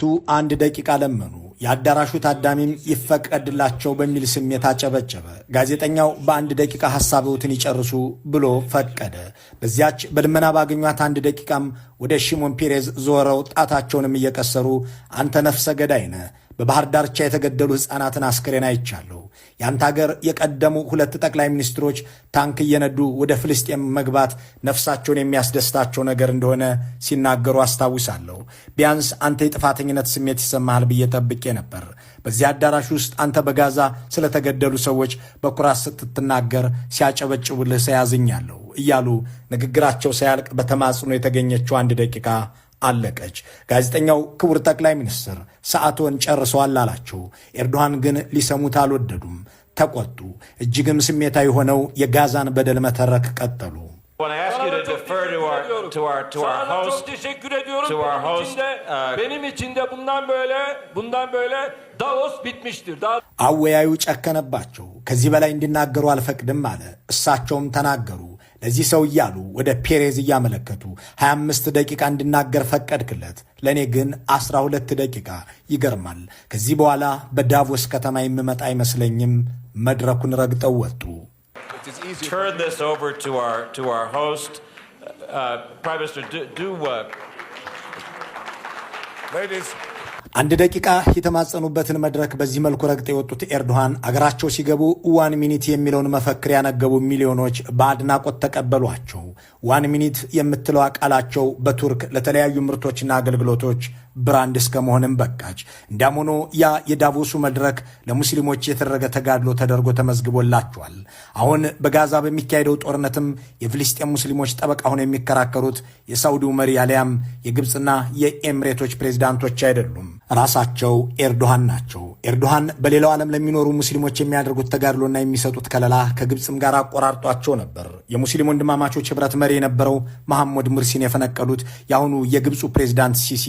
ሁለቱ አንድ ደቂቃ ለመኑ። የአዳራሹ ታዳሚም ይፈቀድላቸው በሚል ስሜት አጨበጨበ። ጋዜጠኛው በአንድ ደቂቃ ሐሳብዎትን ይጨርሱ ብሎ ፈቀደ። በዚያች በልመና ባገኟት አንድ ደቂቃም ወደ ሺሞን ፔሬዝ ዞረው ጣታቸውንም እየቀሰሩ አንተ ነፍሰ ገዳይ ነህ፣ በባህር ዳርቻ የተገደሉ ሕፃናትን አስክሬን አይቻለሁ የአንድ ሀገር የቀደሙ ሁለት ጠቅላይ ሚኒስትሮች ታንክ እየነዱ ወደ ፍልስጤም መግባት ነፍሳቸውን የሚያስደስታቸው ነገር እንደሆነ ሲናገሩ አስታውሳለሁ። ቢያንስ አንተ የጥፋተኝነት ስሜት ይሰማሃል ብዬ ጠብቄ ነበር። በዚህ አዳራሽ ውስጥ አንተ በጋዛ ስለተገደሉ ሰዎች በኩራት ስትትናገር ሲያጨበጭቡልህ ሰያዝኛለሁ እያሉ ንግግራቸው ሳያልቅ በተማጽኖ የተገኘችው አንድ ደቂቃ አለቀች። ጋዜጠኛው ክቡር ጠቅላይ ሚኒስትር ሰዓትዎን ጨርሰዋል አላቸው። ኤርዶሃን ግን ሊሰሙት አልወደዱም፣ ተቆጡ። እጅግም ስሜታ የሆነው የጋዛን በደል መተረክ ቀጠሉ። አወያዩ ጨከነባቸው። ከዚህ በላይ እንዲናገሩ አልፈቅድም አለ። እሳቸውም ተናገሩ። ለዚህ ሰው እያሉ ወደ ፔሬዝ እያመለከቱ 25 ደቂቃ እንድናገር ፈቀድክለት፣ ለእኔ ግን 12 ደቂቃ ይገርማል። ከዚህ በኋላ በዳቮስ ከተማ የምመጣ አይመስለኝም። መድረኩን ረግጠው ወጡ። አንድ ደቂቃ የተማጸኑበትን መድረክ በዚህ መልኩ ረግጠው የወጡት ኤርዶሃን አገራቸው ሲገቡ ዋን ሚኒት የሚለውን መፈክር ያነገቡ ሚሊዮኖች በአድናቆት ተቀበሏቸው። ዋን ሚኒት የምትለው ቃላቸው በቱርክ ለተለያዩ ምርቶችና አገልግሎቶች ብራንድ እስከ መሆንም በቃች። እንዲያም ሆኖ ያ የዳቮሱ መድረክ ለሙስሊሞች የተደረገ ተጋድሎ ተደርጎ ተመዝግቦላቸዋል። አሁን በጋዛ በሚካሄደው ጦርነትም የፍልስጤም ሙስሊሞች ጠበቃ ሆነው የሚከራከሩት የሳውዲው መሪ አሊያም የግብፅና የኤምሬቶች ፕሬዚዳንቶች አይደሉም። ራሳቸው ኤርዶሃን ናቸው። ኤርዶሃን በሌላው ዓለም ለሚኖሩ ሙስሊሞች የሚያደርጉት ተጋድሎና የሚሰጡት ከለላ ከግብፅም ጋር አቆራርጧቸው ነበር። የሙስሊም ወንድማማቾች ህብረት መሪ የነበረው መሐመድ ሙርሲን የፈነቀሉት የአሁኑ የግብፁ ፕሬዚዳንት ሲሲ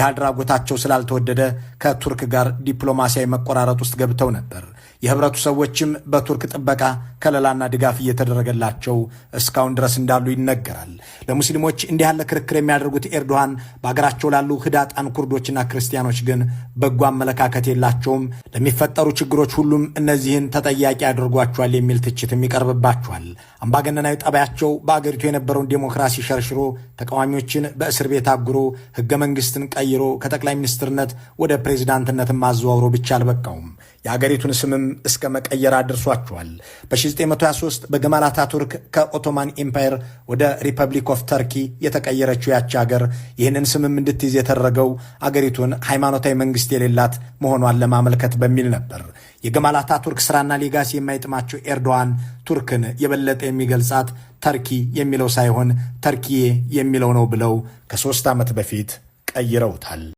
የአድራጎታቸው ስላልተወደደ ከቱርክ ጋር ዲፕሎማሲያዊ መቆራረጥ ውስጥ ገብተው ነበር። የህብረቱ ሰዎችም በቱርክ ጥበቃ ከለላና ድጋፍ እየተደረገላቸው እስካሁን ድረስ እንዳሉ ይነገራል። ለሙስሊሞች እንዲህ ያለ ክርክር የሚያደርጉት ኤርዶሃን በሀገራቸው ላሉ ህዳጣን ኩርዶችና ክርስቲያኖች ግን በጎ አመለካከት የላቸውም፣ ለሚፈጠሩ ችግሮች ሁሉም እነዚህን ተጠያቂ ያደርጓቸዋል የሚል ትችትም ይቀርብባቸዋል። አምባገነናዊ ጠባያቸው በአገሪቱ የነበረውን ዴሞክራሲ ሸርሽሮ ተቃዋሚዎችን በእስር ቤት አጉሮ ህገ መንግስትን ቀይሮ ከጠቅላይ ሚኒስትርነት ወደ ፕሬዚዳንትነትም አዘዋውሮ ብቻ አልበቃውም የአገሪቱን ስምም እስከ መቀየር አድርሷቸዋል። በ1923 በገማል አታቱርክ ከኦቶማን ኤምፓየር ወደ ሪፐብሊክ ኦፍ ተርኪ የተቀየረችው ያቺ ሀገር ይህንን ስምም እንድትይዝ የተደረገው አገሪቱን ሃይማኖታዊ መንግስት የሌላት መሆኗን ለማመልከት በሚል ነበር። የገማል አታቱርክ ስራና ሌጋሲ የማይጥማቸው ኤርዶዋን ቱርክን የበለጠ የሚገልጻት ተርኪ የሚለው ሳይሆን ተርኪዬ የሚለው ነው ብለው ከሶስት ዓመት በፊት ቀይረውታል።